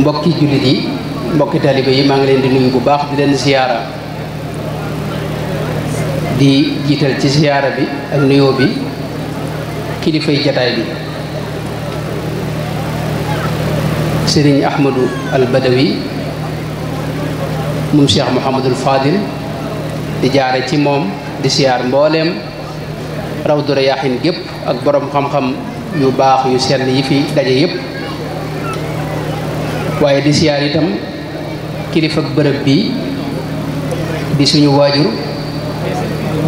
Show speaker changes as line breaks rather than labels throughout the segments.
mbokki jullit yi mbokki taaliba yi maa ngi leen di nuyu bu baax di leen ziyaara di jiital ci ziyaara bi ak nuyoo bi kilifay jataay bi sëriñ ahmadu al badawi moom cheikh mouhamadul fadil di jaare ci moom di siyaar mbooleem rawdu rayaaxin gépp ak boroom xam-xam yu baax yu sell yi fi daje yépp waaye di siyaar itam kilifa bërëb bi di suñu waajur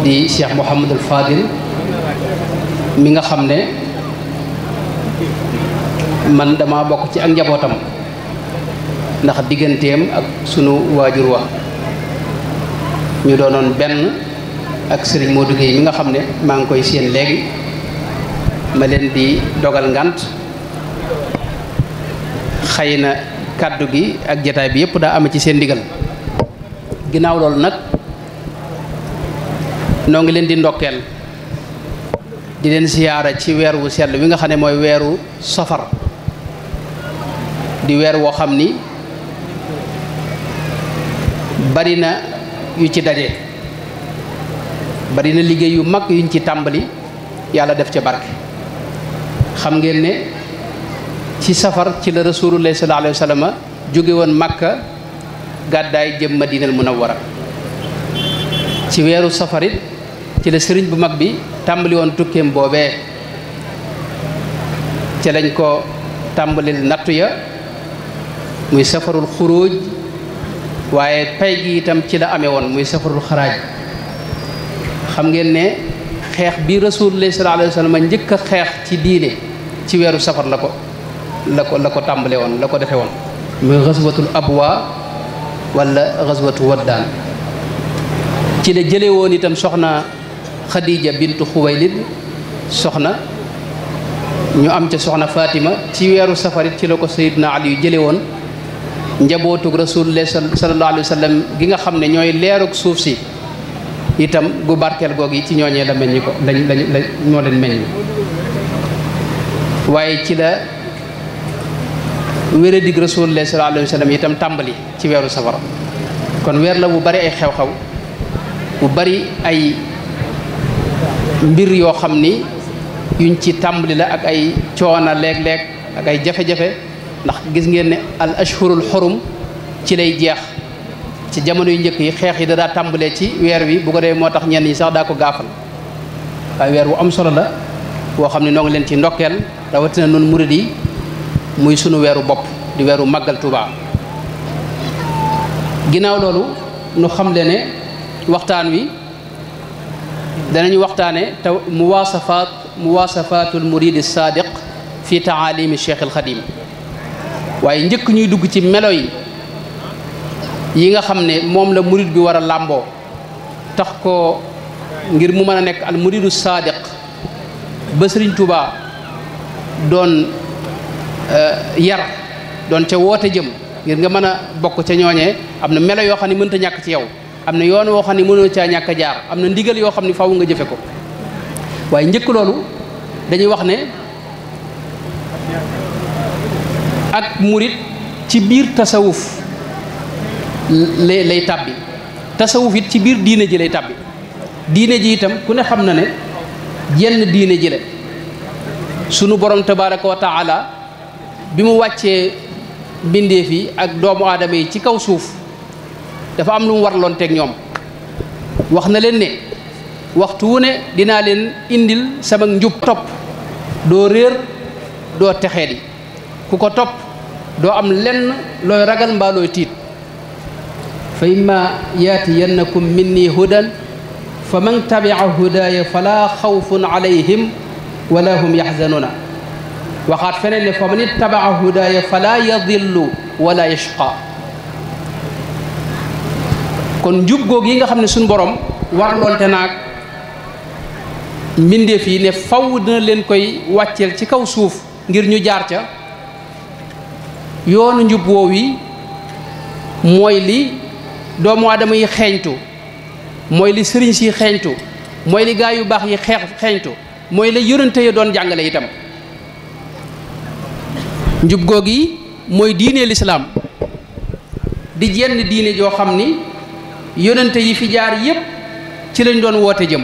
di Cheikh Mouhamadul Fadil mi nga xam ne man dama bokk ci ak njabootam ndax digganteem ak sunu waajur wa ñu doonoon benn ak sëriñ moo Guèye mi nga xam ne maa ngi koy séen léegi ma leen di dogal ngant xëy na kàddu gi ak jataay bi yëpp daa am ci seen ndigal ginnaaw loolu nag noo ngi leen di ndokkeel di leen siyaara ci weer wu sell wi nga xam ne mooy weeru safar di weer woo xam ni bari na yu ci daje bari na liggéey yu mag yuñ ci tàmbali yàlla def ca barke xam ngeen ci safar ci la rasulullahi sallallahu alayhi wa jóge woon Makka gàddaay jëm Madinal Munawwara ci weeru safar ci la sëriñ bu mag bi tàmbali woon tukkeem boobee ci lañ ko tàmbalil nattu ya muy safarul xuruj waaye pay gi itam ci la ame woon muy safarul xaraaj xam ngeen ne xeex bi rasulullah sallallahu alayhi wa sallam njëkk a xeex ci diine ci weeru safar la ko la ko la ko tàmbale woon la ko defe woon muy xaswatul abwa wala xaswatu waddaan ci la jële woon itam soxna xadija bintu xuwaylid soxna ñu am ca soxna faatima ci weeru safarit ci la ko sayidna ali yu jële woon njabootug rasulullah sallallahu alayhi gi nga xam ne ñooy leerug suuf si itam gu barkeel goog yi ci ñooñee la meññi ko lañ lañ la moo leen meññ waaye ci la wéra dig rasulullah sallallahu alayhi wa sallam itam tàmbali ci weeru safar kon weer la bu bari ay xew-xew bu bari ay mbir yoo xam ni yuñ ci tàmbali la ak ay coona leeg-leeg ak ay jafe-jafe ndax gis ngeen ne al ashhurul xurum ci lay jeex ci jamono yu njëkk yi xeex yi dadaa tàmbalee ci weer wi bu ko dee moo tax ñenn ñi sax daa ko gaafal waaye weer wu am solo la boo xam ne noo leen ci ndokkeel rawatina noonu murid yi muy sunu weeru bopp di weeru màggal Tuubaa ginnaaw loolu nu xam le ne waxtaan wi danañu waxtaane taw muwaasafaat muwaasafatul muridi saadiq fi taalimi cheikh al xadim waaye njëkk ñuy dugg ci melo yi yi nga xam ne moom la murid bi war a làmboo tax ko ngir mu mën a nekk al muridu saadiq ba Sëriñ doon Euh, yar doon ca woote jëm ngir nga mën a bokk ca ñooñe am na melo yoo xam ne mënta ñàkk ci yow am na yoon woo xam ne mënoo caa ñàkk jaar am na ndigal yoo xam ne faw nga jëfe ko waaye njëkk loolu dañuy wax ne ak murit ci biir tasawuf lay lay tàbbi tasawuf ci biir diine ji lay tàbbi diine ji itam ku ne xam na ne jenn diine ji la sunu borom tabaraka taala bi mu wàccee mbindeef yi ak doomu adama yi ci kaw suuf dafa am lu mu warloon teg ñoom wax na leen ne waxtu ne dinaa leen indil sama njub topp doo réer doo texee di ku ko topp doo am lenn looy ragal mbaa tiit fa imma yaatiyannakum minni hudan fa man tabia hudaaya fala xawfun alayhim wala hum yaxzanuuna waxaat feneen ne fa man ittabaa hudaaya fala yadillu wala yashqa kon njub googu yi nga xam ne suñ boroom waraloonte naag mbindeef yi ne faw dina leen koy wàcceel ci kaw suuf ngir ñu jaar ca yoonu njub woow yi mooy li doomu aadama yi xeeñtu mooy li sëriñ si xeeñtu mooy li gaa yu baax yi xeex xeeñtu mooy la yërënte ya doon jàngale itam njub goog yi mooy diine lislaam di jenn diine joo xam ni yonente yi fi jaar yépp ci lañ doon woote jëm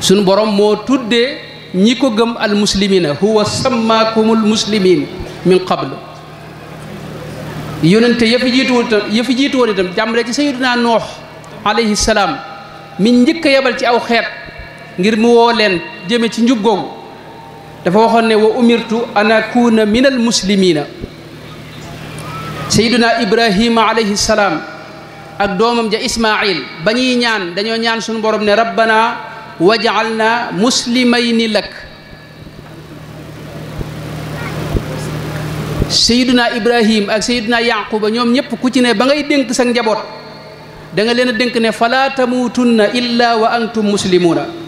sunu boroom moo tuddee ñi ko gëm al muslimina huwa sammaakumul muslimin min qabl yonente ya fi jiitu woon itam ya ci sayyidina noox alayhi salaam mi njëkk a yebal ci aw xeet ngir mu woo leen jëme ci njub googu dafa waxoon ne wa umirtu an akuna min al muslimina sayyiduna ibrahima alayhi salaam ak doomam ja ismail ba ñuy ñaan dañoo ñaan suñu borom ne rabbana waj'alna muslimayni lak sayyiduna ibrahim ak sayyiduna yaquba ñoom ñëpp ku ci ne ba ngay dénk sa njaboot danga leen a dénk ne fala tamuutunna illa wa antum muslimuuna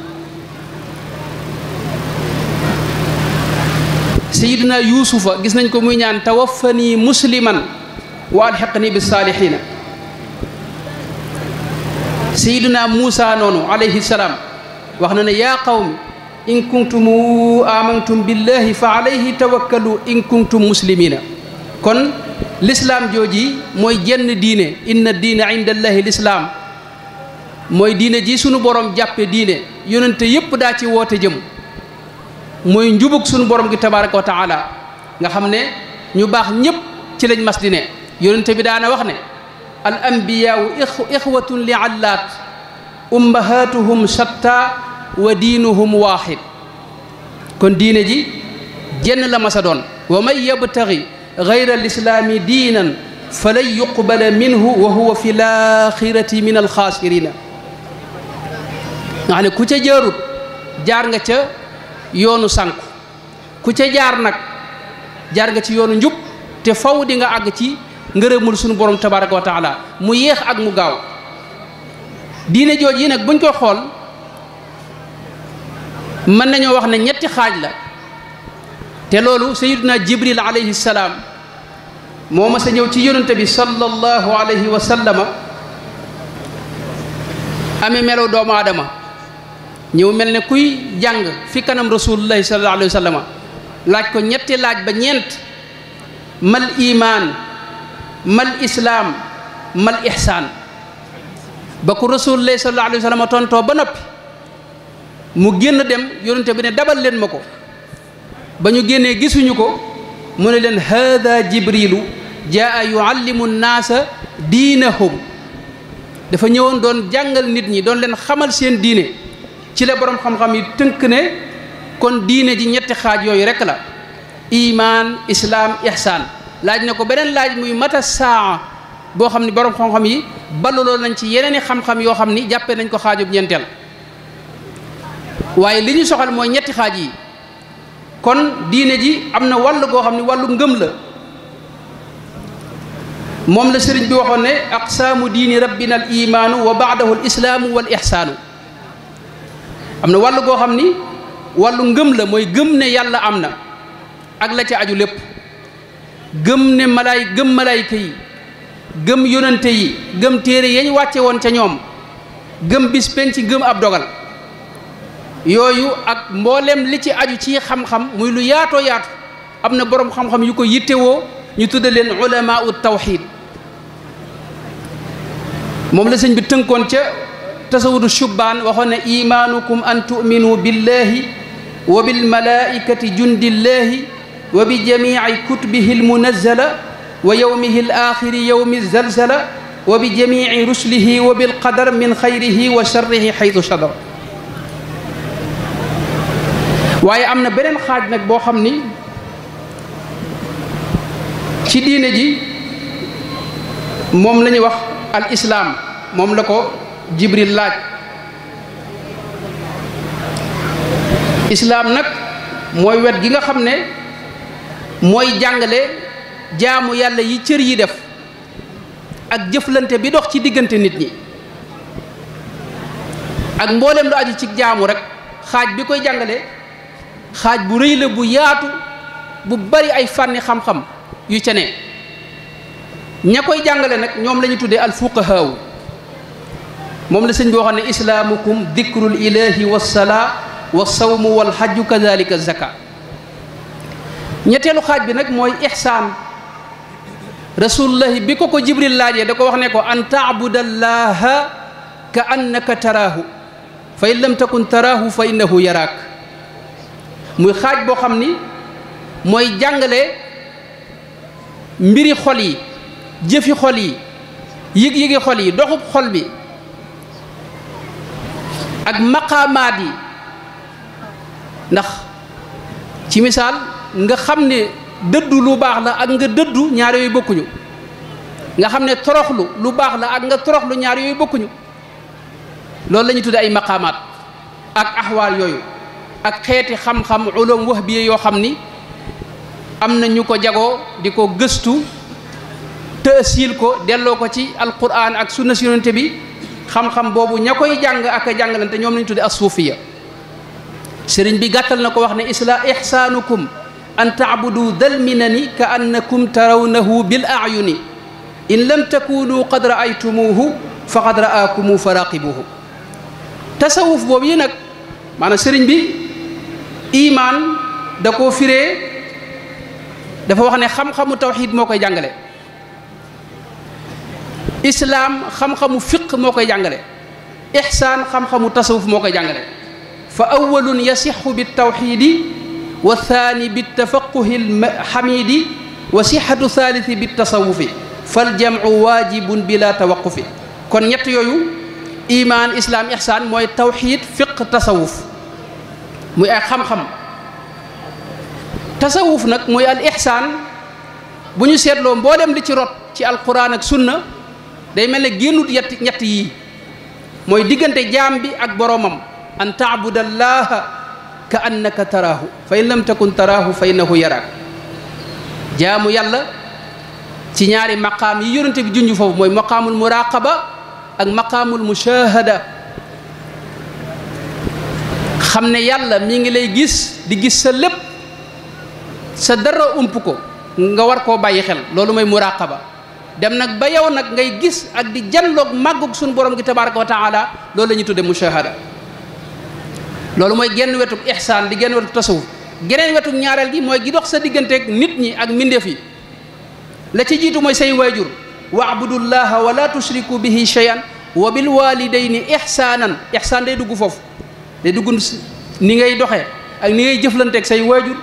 sayiduna yuusufa gis nañ ko muy ñaan tawaffani musliman wa alxiqni bi saalixiina sayiduna muusa noonu alayhi salaam wax na ne yaa qawmi in kuntum amantum billahi fa alayhi tawakkalu in kuntum muslimina kon lislaam jooji mooy jenn diine inna diine inda allahi lislaam mooy diine ji sunu borom jàppe diine yonente yépp daa ci woote jëm mooy njubug suñu borom gi tabaraka wa taala nga xam ne ñu baax ñépp ci lañ mas di ne yonente bi daana wax ne al anbiyaau ixwatun li allaat ummahatuhum shatta wa diinuhum waaxid kon diine ji jenn la masa doon wa man yabtaxi gayra alislaami diinan falan yuqbala minhu wa huwa fi laaxirati min alxaasirina nga xam ne ku ca jaarut jaar nga ca yoonu sànku ku ci jaar nag jaar nga ci yoonu njub te faw di nga àgg ci ngërëmul suñu borom tabaraka wa taala mu yéex ak mu gaaw diine jooj yi nag buñ ko xool mën nañoo wax ne ñetti xaaj la te loolu sayiduna jibril alayhi salaam sa ñëw ci yonante bi sallallahu alayhi wa sallama ame melow doomu aadama ñëw mel ne kuy jàng fi kanam rasulullahi sallallahu alayhi wa sallam laaj ko ñetti laaj ba ñeent mal imaan mal islaam mal ihsaan ba ku rasulullahi sallallahu alayhi wa sallam tontoo ba noppi mu génn dem yonente bi ne dabal leen ma ko ba ñu génnee gisuñu ko mu ne leen hada jibrilu jaa yuallimu nnaasa diinahum dafa ñëwoon doon jàngal nit ñi doon leen xamal seen diine ci la borom xam-xam yi tënk ne kon diine ji ñetti xaaj yooyu rek la iman islaam ihsaan laaj na ko beneen laaj muy mata saa boo xam ni borom xam-xam yi baluloo nañ ci yeneen i xam-xam yoo xam ni jàppe nañ ko xaajub ñeenteel waaye li ñu soxal mooy ñetti xaaj yi kon diine ji am na wàll goo xam ni wàllu ngëm la moom la sëriñ bi waxoon ne aqsaamu diini rabbina al imaanu wa baadahu al islaamu wal ihsaanu am na wàllu goo xam ni wàllu ngëm la mooy gëm ne yàlla am na ak la ca aju lépp gëm ne malaay gëm malaayka yi gëm yonante yi gëm téere yañ wàcce woon ca ñoom gëm bis penc gëm ab dogal yooyu ak mboolem li ci aju ci xam-xam muy lu yaatoo yaatu am na boroom xam-xam yu ko yittewoo ñu tudde leen ulama u tawxid moom la sëñ bi tënkoon ca tasawudu shubbaan waxoon ne imaanukum an tu'minu billahi wa bilmalaikati jundillahi wa bi jamici kutubihi almunazala wa yowmihi alaaxiri yowmi zalzala wa bi jamici rusulihi wa bilqadar min xayrihi wa sharrihi xaytu sadar waaye am na beneen xaaj nag boo xam ni ci diine ji moom la ñuy wax al islaam moom la ko jibril laaj islaam nag mooy wet gi nga xam ne mooy jàngale jaamu yàlla yi cër yi def ak jëflante bi dox ci diggante nit ñi ak mboolem lu aju ci jaamu rek xaaj bi koy jàngale xaaj bu rëy bu yaatu bu bari ay fànni xam-xam yu ca ne ña koy jàngale nag ñoom lañu tuddee al fuqahaawu moom la sëñ bi waxoon ne islaamukum dikrul ilahi wasalaa wa sawmu wal hajju kadalika zaka ñetteelu xaaj bi nag mooy ixsaan rasulullahi bi ko ko jibril laajee da ko wax ne ko an taabudallaha ka annaka taraahu fa in lam takun taraahu fa innahu yaraak muy xaaj boo xam ni mooy jàngale mbiri xol yi jëfi xol yi yëg-yëgi xol yi doxub xol bi ak maqamaat yi ndax ci misaal nga xam ne dëddu lu baax la ak nga dëddu ñaar yooyu bokkuñu nga xam ne toroxlu lu baax la ak nga toroxlu ñaar yooyu bokkuñu loolu lañuy ñu ay maqaamaat ak axwaal yooyu ak xeeti xam-xam ulum wax bi yoo xam ni am na ñu ko jagoo di ko gëstu tësiil ko delloo ko ci alquran ak sunna si yonente bi xam-xam boobu ña jàng ak a jàngalante ñoom lañu tudde as suufiya sëriñ bi gàttal na ko wax ne isla ihsaanukum an taabudu dal minani ka tarawnahu bil ayuni in lam takunu qad raaytumuhu faqad raakumu fa raqibuhu tasawuf boobu yi nag maanaam sëriñ bi imaan da koo firee dafa wax ne xam-xamu tawxiid moo koy jàngale islaam xam-xamu fiq moo koy jàngale ixsaan xam-xamu tasawuf moo koy jàngale fa awalun yasixu bi tawxidi wa thaani bi tafaquhi lxamidi wa sixatu thaalisi bi tasawufi faljamcu waajibun bila tawaqufi kon ñett yooyu imaan islaam ixsaan mooy tawxid fiq tasawuf muy ay xam-xam tasawuf nag muy al ixsaan bu ñu seetloo mboolem li ci rot ci alquran ak sunna day mel ne génnut yett ñett yii mooy diggante jaam bi ak boroomam an taabudallaha ka annaka taraahu fa in lam takun taraahu fa innahu yaraak jaamu yàlla ci ñaari maqaam yi yonente bi junj foofu mooy maqaamul muraqaba ak maqaamul mushahada xam ne yàlla mi ngi lay gis di gis sa lépp sa dara ump ko nga war koo bàyyi xel loolu mooy muraqaba dem nag ba yow nag ngay gis ak di janloog màggug sunu borom gi tabaraka wa taala loolu la ñuy tudde mushahada loolu mooy genn wetuk ihsaan di genn wetuk tasawuf geneen wetuk ñaareel gi mooy gi dox sa digganteeg nit ñi ak mbindeef yi la ci jiitu mooy say waajur waabudullaha wala tushriku bihi shay'an wa bil walidayni ihsaanan ihsaan day dugg foofu day dugg ni ngay doxe ak ni ngay jëflanteeg say waajur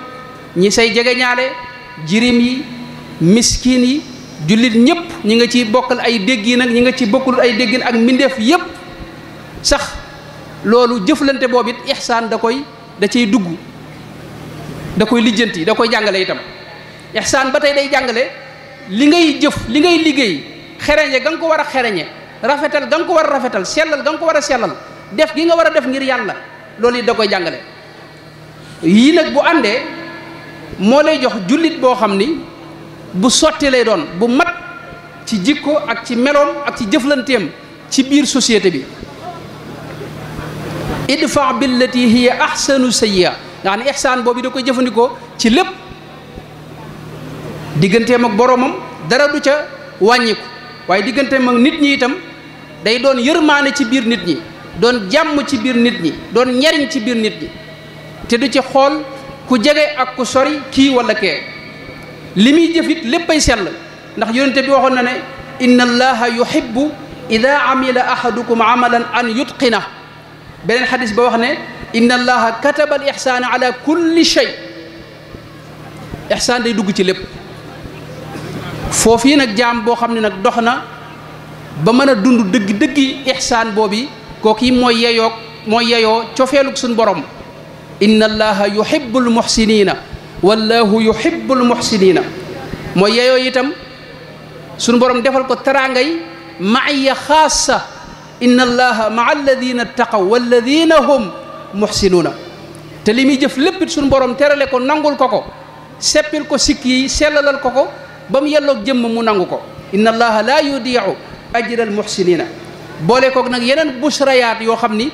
ñi say jegeñaale jirim yi miskin yi jullit ñëpp ñi nga ci bokkal ay déggin nag ñi nga ci bokkul ay déggin ak mbindeef yëpp sax loolu jëflante boobu it ixsaan da koy da ciy dugg da koy lijjanti da koy jàngale itam ixsaan ba tey day jàngale li ngay jëf li ngay liggéey xereñe ga nga ko war a xereñe rafetal ga nga ko war a rafetal sellal ga nga ko war a sellal def gi nga war a def ngir yàlla loolu it da koy jàngale yii nag bu àndee moo lay jox jullit boo xam ni bu sotti lay doon bu mat ci jikko ak ci meloom ak ci jëflanteem ci biir société bi idfa billati hiya ahsanu sayyi'a nga xam ne ihsaan boobu da koy jëfandikoo ci lépp digganteem ak boroomam dara du ca wàññiku waaye digganteem ak nit ñi itam day doon yërmaane ci biir nit ñi doon jàmm ci biir nit ñi doon njariñ ci biir nit ñi te du ci xool ku jege ak ku sori kii walla kee li muy jëfit léppay sell ndax yonente bi waxoon na ne inna allaha yuhibbu ida amila ahadukum amalan an yutqina beneen xadis ba wax ne inna allaha kataba al ihsaana ala kulli shay ihsaan day dugg ci lépp foofii nag jaam boo xam ne nag dox na ba mën a dund dëgg-dëggi ihsaan boobi kooki mooy yeyoog mooy yeyoo cofeelug suñ borom inna allaha yuhibbul muhsinina wallahu yuhibbul muhsinina mooy yeyoo itam suñu borom defal ko teraangay maaya xaasa inna allaha maa alladina taqaw walladina hum muhsinuuna te li muy jëf lépp it suñu borom terale ko nangul ko ko seppil ko sikk yi sellalal ko ko ba mu yelloog jëmm mu nangu ko inna allaha laa yudiicu ajra al muhsinina boole koog nag yeneen bushrayaat yoo xam ni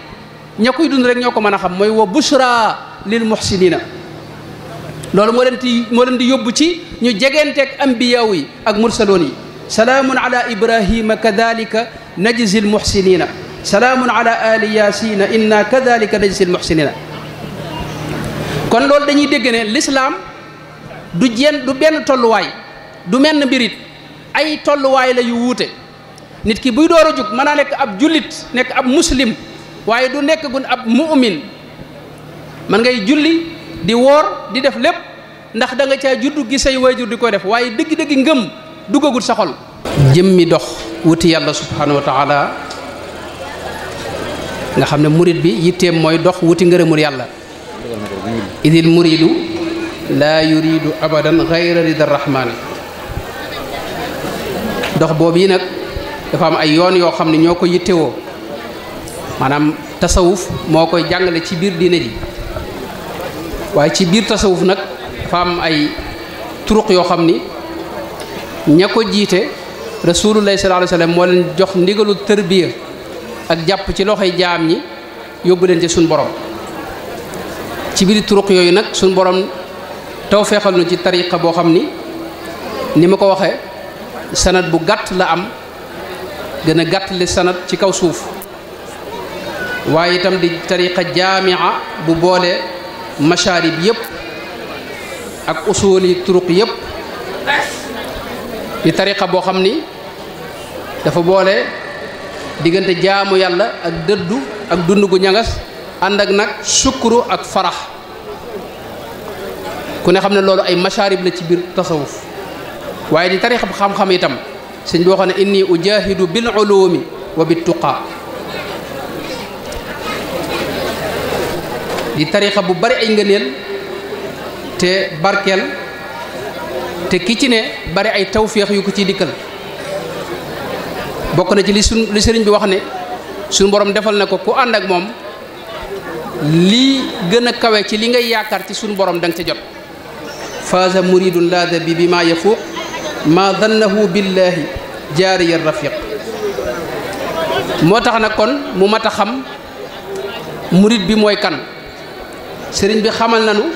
ña koy dund rek ñoo ko mën a xam mooy wa bushra lil muhsinina loolu moo leen di di yóbbu ci ñu jegeenteeg ambiyaaw yi ak mursaloon yi salaamun ala ibrahima kadalika najzi almuxsinina salaamun ala ali yaasina inna kadalika najzi almuxsinina kon loolu dañuy dégg ne lislaam du jenn du benn tolluwaay du menn mbirit ay tolluwaay la yu wuute nit ki buy door a jug mën naa nekk ab jullit nekk ab muslim waaye du nekk gun ab mu'min man ngay julli di woor di def lépp ndax da nga caa juddu gi say waajur di ko def waaye dëgg-dëgg ngëm duggagut sa xol jëmmi dox wuti yàlla subhanahu wa taala nga xam ne murit bi yitteem mooy dox wuti ngërëmul yàlla idil muridu laa yuridu abadan gayra rida rahmaani dox boobu yi nag dafa am ay yoon yoo xam ne ñoo ko yittewoo maanaam tasawuf moo koy jàngale ci biir diine ji waaye ci biir tasawuf nag dafa am ay turuq yoo xam ni ña ko jiite rasulullahi sallallahu alayhi wasallam moo leen jox ndigalu tërbiya ak jàpp ci loxoy jaam yi yóbbu leen ci suñ boroom ci biir turuq yooyu nag suñ borom taw feexal ci tariqa boo xam ni ni ma ko waxee sanat bu gàtt la am gën a gàtt li sanat ci kaw suuf waaye itam di tariqa jaamia bu boole masharib yépp ak usuli turuq yëpp di tarixa boo xam ni dafa boole diggante jaamu yàlla ak dëddu ak dund gu ñangas ànd ak nag sukkuru ak farax ku ne xam ne loolu ay masharib la ci biir tasawuf waaye di tariqa bu xam-xam itam sëñ boo waxoon ne indi ujaahidu bil mi wa bit tuqa di tarixa bu bari ay ngëneel te barkeel te ki ci ne bari ay tawféex yu ko ciy dikkal bokk na ci li sun li sëriñ bi wax ne suñu borom defal na ko ku ànd ak moom li gën a kawe ci li ngay yaakaar ci suñu borom danga nga ca jot faaza muridun laada bi bi ma yafuuq maa dannahu billaahi jaariya rafiq moo tax nag kon mu mat a xam murid bi mooy kan sëriñ bi xamal nañu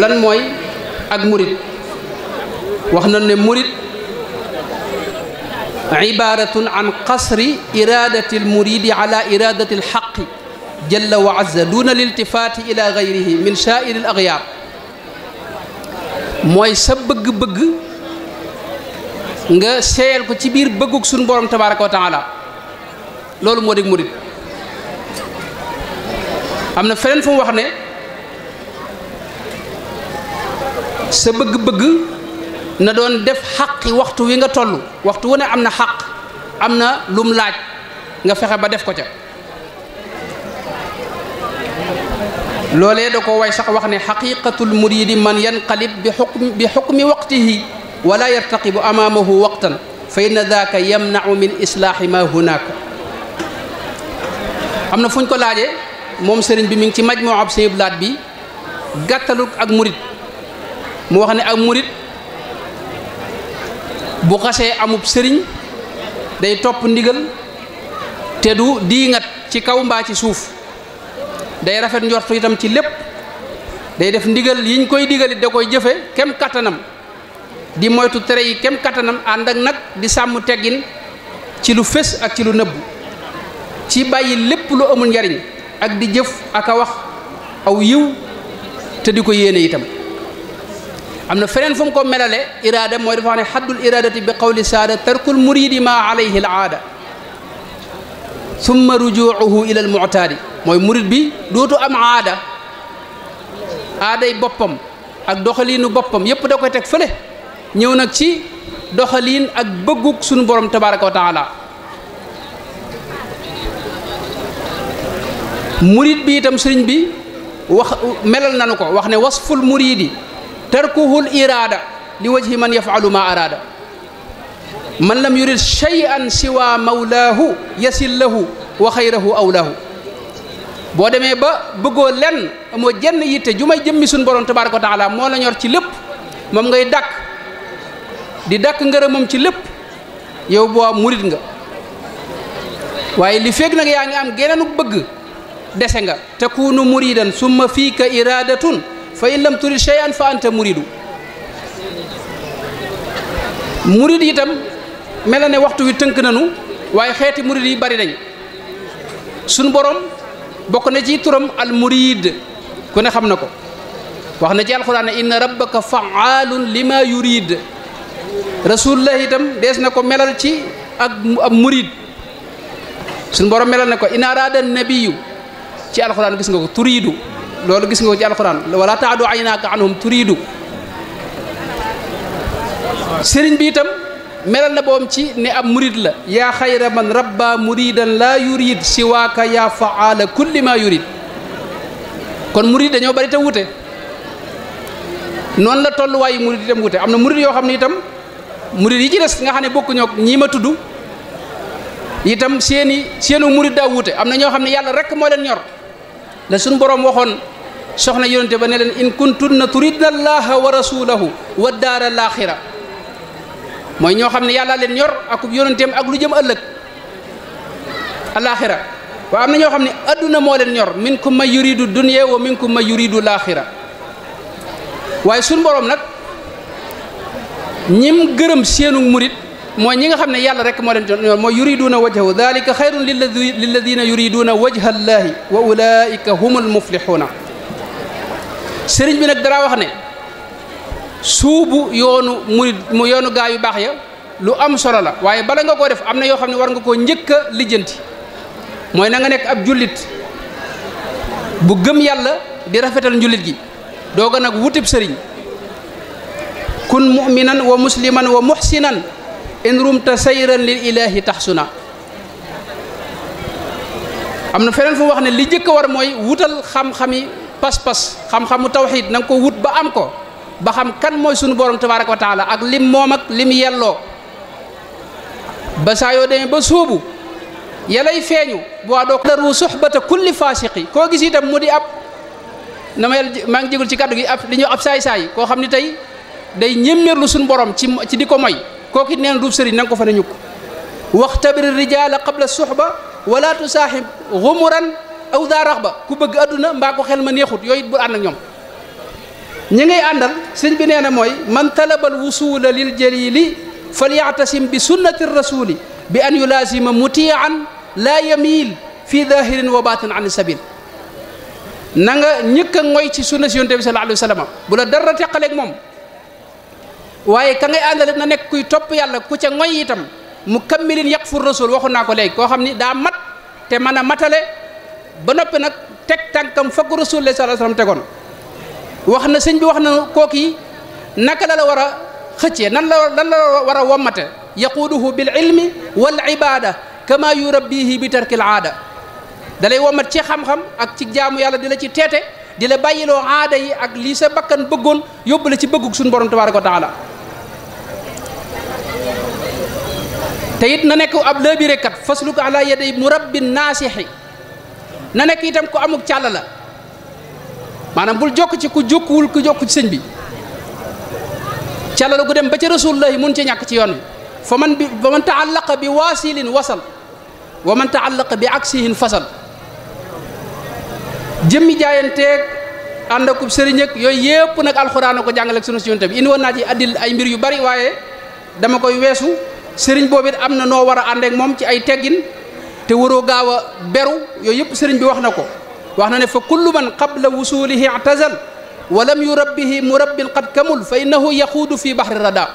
lan mooy ak murit wax nañ ne murit ibaratun an qasri iradati almuridi ala iradati alxaqi jalla wa azza duna liltifaati ila gayrihi min saairi al mooy sa bëgg-bëgg nga seeyal ko ci biir bëggug suñu borom tabaraka wa taala loolu moo di murit am na feneen fu wax ne sa bëgg-bëgg na doon def xaqi waxtu wi nga toll waxtu wu ne am na xaq am na lum laaj nga fexe ba def ko ca loolee da ko way sax wax ne xaqiqatul muridi man yan yanqalib bi xukmi bi xukmi waqtihi wala yartaqibu amaamahu waqtan fa na daaka yamnau min islaaxi ma hunaaka am na fuñ ko laaje moom sëriñ bi mu ngi ci maj moo ab sëñ bi gàttalu ak murit mu wax ne ak murit bu xasee amub sëriñ day topp ndigal te du diingat ci kaw mbaa ci suuf day rafet njortu itam ci lépp day def ndigal yiñ koy digalit da koy jëfe kem kattanam di moytu tere yi kem kattanam ànd ak nag di sàmm teggin ci lu fés ak ci lu nëbbu ci bàyyi lépp lu amul njariñ ak di jëf ak wax aw yiw te di ko yéene itam am na feneen fu ko melale iraada mooy dafa wax ne xaddul iraadati bi qawli saada tarkul muridi maa alayhi al aada summa rujuuhu ila al muctaadi mooy murid bi dootu am aada aaday boppam ak doxaliinu boppam yépp da koy teg fële ñëw nag ci doxaliin ak bëggug sunu borom tabaraka wa taala murid bi itam sëriñ bi wax melal nanu ko wax ne wasful muridi tarkuhul iraada li wajhi man yafalu ma araada man lam yurid shay'an siwa mawlaahu yasil lahu wa xayrahu awlaahu boo demee ba bëggoo lenn amoo jenn yitte ju may jëmmi suñu borom tabaaraka wa taala moo la ñor ci lépp moom ngay dàkk di dàkk ngërëmam ci lépp yow boo murid nga waaye li fekk nag yaa ngi am geneenu bëgg dese nga takunu muridan summa fiika iradatun fa in lam turid shay'an fa anta muridu murid itam mel na ne waxtu wi tënk nanu waaye xeeti murid yi bari nañ sunu borom bokk na ci turam al murid ku xam na ko wax na ci alxuraan ne inna rabbaka faalun lima yurid rasulullah itam dees na ko melal ci ak ab murid sunu borom melal na ko in araada nabiyu ci alxuraan gis nga ko turiidu loolu gis nga ko ci alxuraan wala taadu aynaaka anhum turiidu sëriñ bi itam melal na boom ci ne am murid la yaa xayra man rabba muridan laa yurid siwaaka yaa faala kulli ma yurid kon murid dañoo bari wute noonu la tolluwaayu murid itam wute am na murid yoo xam ne itam murid yi ci des nga xam ne bokkuñoo ñii ma tudd itam seeni seenu murid daa wute am na ñoo xam ne yàlla rek moo leen ñor la suñ boroom waxoon soxna yonente ba ne in in na turidna allaha wa rasulahu wa daara laaxira mooy ñoo xam ne yàlla leen yor akub ak lu jëm ëllëg alaaxira waaye am na ñoo xam ne adduna moo leen ñor minkum man yuridu dunya wa minkum man yuridu laaxira waaye suñ boroom nag ñim gërëm seenu murit mooy ñi nga xam ne yàlla rek moo leen jox mooy yuriduuna wajhahu dalika xayrun lilladina yuriduuna wajha allaahi wa ulaika humul muflixuuna sëriñ bi nag dara wax ne suubu yoonu murid mu yoonu gaa yu baax ya lu am solo la waaye bala nga koo def am na yoo xam ne war nga koo njëkk lijjanti mooy na nga nekk ab jullit bu gëm yàlla di rafetal njullit gi dooga nag wutib sëriñ kun muminan wa musliman wa muxsinan in rumta sayran lil ilaahi tax su na am na feneen fu wax ne li jëkk war mooy wutal xam-xami pas-pas xam-xamu tawxiid na ko wut ba am ko ba xam kan mooy sunu borom tabaaraka wa ak lim moom ak lim yelloo ba saa yoo demee ba sóobu yalay feeñu waa doo daru soxbata kulli faasiqi koo gis itam mu di ab na ma yàlla maa ngi jégul ci kàddu gi ab li ñëw ab saay-saay koo xam ne tey day ñemmeerlu sunu borom ci ci di ko moy kooku it nee na duub sëriñ na nga ko fa ne ñukk waxtabir rijaala qabla suxba wala tusaaxib xumuran aw daa rax ba ku bëgg adduna mbaa ko xel ma neexut yooyu it bu ànd ak ñoom ñi ngay àndal sëñ bi nee na mooy man talabal wusuula lil jalili falyactasim bi sunnati rasuli bi an yulaasima mutian laa yamiil fi dahirin wa batin an sabil na nga ñëkk a ngoy ci sunna si yonte bi sallallahu alayhi wa sallam bu la dara teqaleeg moom waaye ka ngay àndal na nekk kuy topp yàlla ku ca ngoy itam mu kammilin yàq fu rasul waxu naa ko léegi koo xam ni daa mat te mën a matale ba noppi nag teg tànkam fakk rasul la sallallahu alayhi wasallam tegoon wax na sëñ bi wax na kooki naka la war a xëccee nan la nan la war a wommate yaquuduhu bil ilmi wal ibada bii yurabbihi bi tarkil aada dalay womat ci xam-xam ak ci jaamu yàlla di la ci teete di la bàyyiloo aada yi ak lii sa bakkan bëggoon yóbbu la ci bëggug suñu borom a ko taala te it na nekk ab laabirekat fasluka ala yaday murabbin naasixi na nekk itam ku amuk càll la maanaam bul jokk ci ku jokkuwul ku jokk ci sëñ bi càll la gu dem ba ca rasulullahi mun ci ñàkk ci yoon wi fa man bi fa man taallaqa bi waasilin wasal wa man taallaqa bi aksihin fasal jëmmi jaayanteeg ànd akub sëriñ ak yooyu yëpp nag alxuraan ko jàngale ak sunu si yonte bi indi woon naa ci ay mbir yu bari waaye dama koy weesu sëriñ boobit am na noo war a ànd moom ci ay teggin te waroo gaaw a beru yooyu yëpp sëriñ bi wax na ko wax na ne fa kullu man qabla wusulihi i'tazal wa lam yurabbihi murabbin qad kamul fa innahu yaxuudu fi bahri rada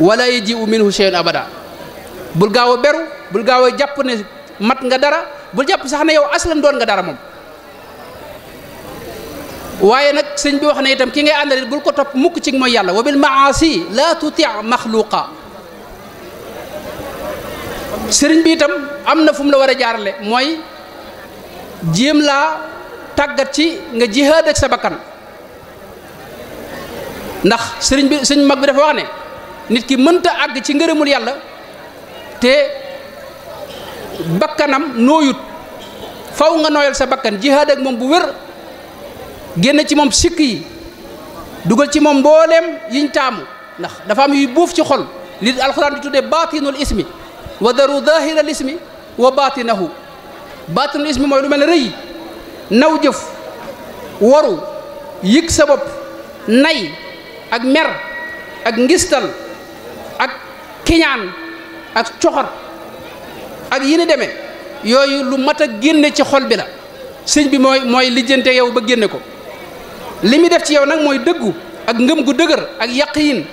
wala yajiu minhu shay'un abada bul gaaw a beru bul gaawa a jàpp ne mat nga dara bul jàpp sax ne yow aslan doon nga dara moom waaye nag sëñ bi wax na itam ki ngay àndal it bul ko topp mukk ci mooy yàlla wa bil maasi la tuti maxluqa sëriñ bi itam am na fu mu la war a jaarale mooy jéem laa tàggat ci nga jihaad ak sa bakkan ndax sëriñ bi sëriñ mag bi dafa wax ne nit ki mënta àgg ci ngërëmul yàlla te bakkanam nooyut faw nga nooyal sa bakkan jihaad ak moom bu wér génn ci moom sikk yi dugal ci moom mbooleem yiñ taamu ndax dafa am yuy buuf ci xol li alxuraan di tuddee baatinul ismi wa daru daahiral ismi wa baatinahu baatinul ismi mooy lu mel ne rëy naw jëf waru yëg sa nay ak mer ak ngistal ak kiñaan ak coxor ak yi ni demee yooyu lu mat a génne ci xol bi la sëñ bi mooy mooy lijjante yow ba génne ko li muy def ci yow nag mooy dëggu ak ngëm gu dëgër ak yaqiin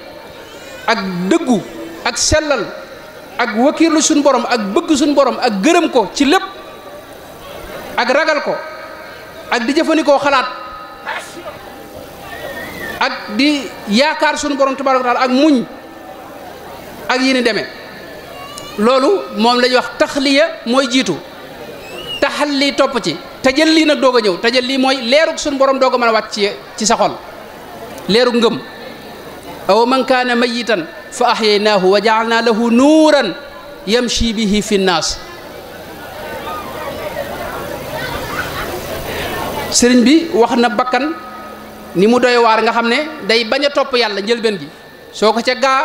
ak dëggu ak sellal ak wakirlu suñ borom ak bëgg suñ borom ak gërëm ko ci lépp ak ragal ko ak di jëfandikoo xalaat ak di yaakaar suñu borom tabaaraka taala ak muñ ak yi deme loolu moom la wax wax taxliya mooy jiitu lii topp ci lii nag doog a ñëw lii mooy leerug suñu borom doog a mën a wàcc ci sa xol leerug ngëm aw man kaana mayitan fa ahyaynaahu wa naa jaalnaa lahu nuuran yamshi bihi fi nnaas sëriñ bi wax na bakkan ni mu doy waar nga xam ne day bañ a topp yàlla njëlbeen gi soo ko ca gaa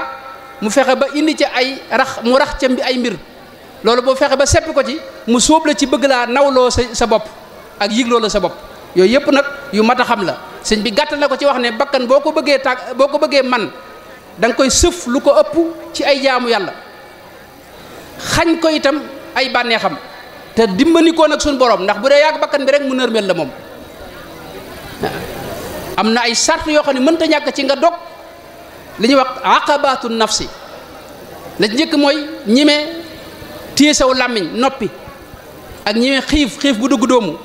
mu fexe ba indi ca ay rax mu rax ca ay mbir loolu boo fexe ba seppi ko ci mu sóob la ci bëgg laa nawloo sa sa bopp ak yigloo la sa bopp yooyu yëpp nag yu mat a xam la sëñ bi gàttal na ko ci wax ne bakkan boo ko bëggee tàgg boo ko bëggee man danga koy sëf lu ko ëpp ci ay jaamu yàlla xañ ko itam ay bànneexam te dimbali ko nag suñu borom ndax bu dee yàgg bakkan bi rek mu nërmel la moom am na ay sart yoo xam ne mënta ñàkk ci nga dog li ñuy wax aqabatu nafsi la njëkk mooy ñime téye làmmiñ noppi ak ñime xiif xiif bu dugg doomu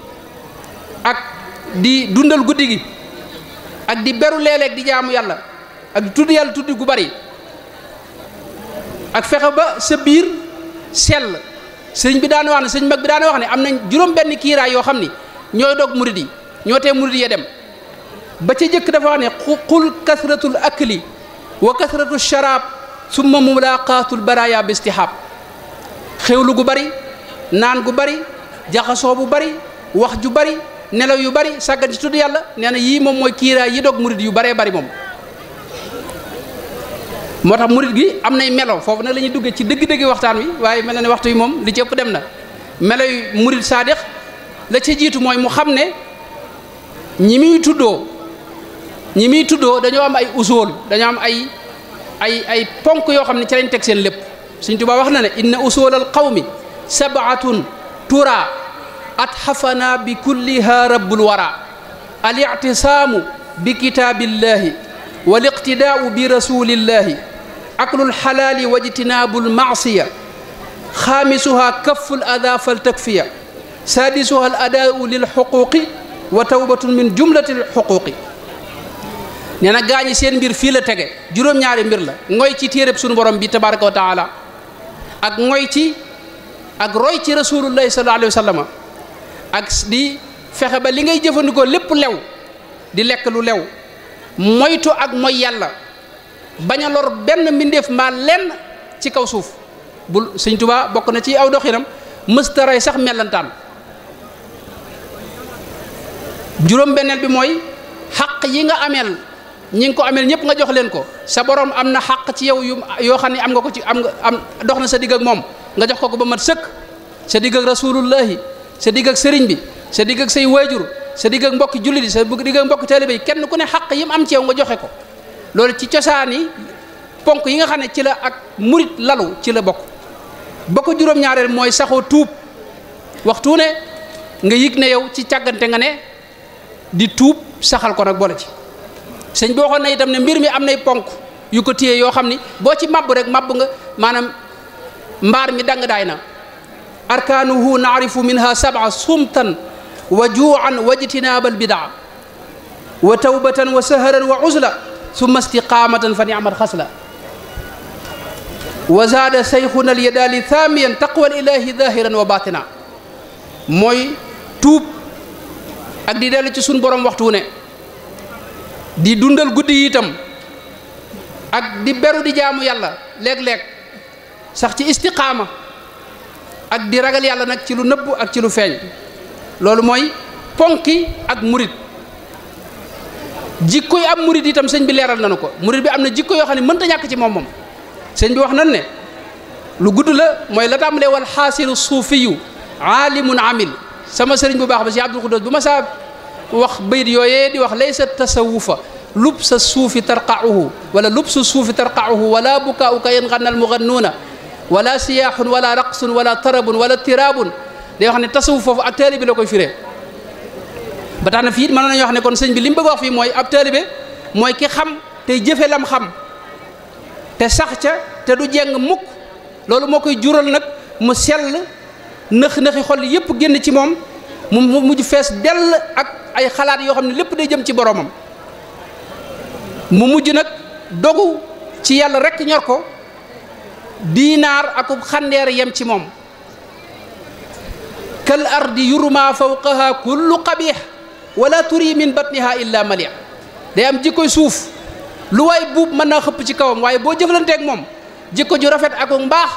ak di dundal guddi gi ak di beru léeg di jaamu yàlla ak tudd yàlla tudd gu bari ak fexe ba sa biir sell sëriñ bi daan wax ne sëriñ mag bi daan wax ne am nañ juróom benn kiiraay yoo xam ni ñooy dog murid yi ñoo tee murid ya dem ba ca jëkk dafa wax ne qul kasratul akli wa kasratu sharaab summa mulaqaatul baraaya bi istihaab gu bari naan gu bari jaxasoo bu bari wax ju bari nelaw yu bari sàggan ci tudd yàlla nee na yii moom mooy kiiraay yi dog murid yu baree bari moom moo tax murit gi am nay melo foofu nag lañuy ñuy ci dëgg-dëgg waxtaan wi waaye mel na ne waxtu yi moom li ci ëpp dem na meloy yu murit saadix la ca jiitu mooy mu xam ne ñi muy tuddoo ñi muy tuddoo dañoo am ay usool dañoo am ay ay ay ponk yoo xam ne ci lañ teg seen lépp Sëñ Tuubaa wax na ne inna usoolal qawmi sabaatun tura atxafana bi kulliha rabbul wara al ictisaamu bi kitaabillahi wal iqtidaau bi rasulillahi aklul xalaali wa jtinaabul maasiya xaamisuha kafful ada faltakfiya saadisuha al adaau lil xuquqi wa tawbatun min jumlati xuquqi nee gaañi seen mbir fii la tege juróom-ñaari mbir la ngoy ci téeréb sunu borom bi tabaraka wa taala ak ngoy ci ak roy ci rasulullahi wa sallam ak di fexe ba li ngay jëfandikoo lépp lew di lekk lu lew moytu ak moy yàlla bañ a lor benn mbindeef mbaa lenn ci kaw suuf bul sëñ Tuubaa bokk na ci aw doxinam mësta sax mellantaan juróom benneel bi mooy xaq yi nga ameel ñi nga ko ameel ñëpp nga jox leen ko sa borom am na xaq ci yow yu yoo xam ne am nga ko ci am nga am dox na sa digg ak moom nga jox ko ko ba mat sëkk sa digg ak rasulullahi sa digg ak sëriñ bi sa digg ak say waajur sa digg ak mbokki jullit yi sa digg ak mbokki taalibe yi kenn ku ne xaq yi mu am ci yow nga joxe ko loolu ci cosaani ponk yi nga xam ne ci la ak murit lalu ci la bokk bokk ko juróom-ñaareel mooy saxoo tuub waxtu ne nga yëg ne yow ci càggante nga ne di tuub saxal ko nag boole ci sëñ bi waxoon na itam ne mbir mi am nay ponk yu ko téye yoo xam ni boo ci màbb rek màbb nga maanaam mbaar mi dang daay na arkaanuhu naarifu minha sab'a sumtan wa juuan wa jtinaabal bidaa wa tawbatan wa saharan wa uzla summa istiqaamatan fa niamal xasla wa zaada sayxuna al yadaali thaamiyan taqwa al ilaahi zahiran wa batina mooy tuub ak di dellu ci suñ borom waxtu ne di dundal guddi yi ak di beru di jaamu yàlla léeg-léeg sax ci istiqaama ak di ragal yàlla nag ci lu nëbb ak ci lu feeñ loolu mooy ponki ak murit jikko yi am murid itam sëñ bi leeral nañu ko murid bi am na jikko yoo xam ne mënta ñàkk ci moom moom sëñ bi wax nan ne lu gudd la mooy la tàmbalee wal xaasilu suufiyu aalimun amil sama sëriñ bu baax ba si Abdul Xuddoos bu ma saa wax bayit yooyee di wax laysa tasawufa lub sa suufi tarqauhu wala lub sa suufi tarqauhu wala bukaauka yan xannal mugannuuna wala siyaaxun wala raqsun wala tarabun wala tiraabun day wax ne tasawuf foofu ak taalibe bi la koy fire ba tax na fii it mënoon nañu ne kon sëñ bi li mu bëgg wax fii mooy ab taalibe mooy ki xam te jëfe lam xam te sax ca te du jeng mukk loolu moo koy jural nag mu sell nëx-nëxi xol yépp génn ci moom mu mujj fees dell ak ay xalaat yoo xam ne lépp day jëm ci boromam mu mujj nag dogu ci yàlla rekk ñor ko diinaar akub xandeer yem ci moom kal ardi yurma fawqaha kullu qabih wala turi min batniha illa malia day am jikkoy suuf lu waay buub mën naa xëpp ci kawam waaye boo jëflanteeg moom jikko ju rafet ak mbaax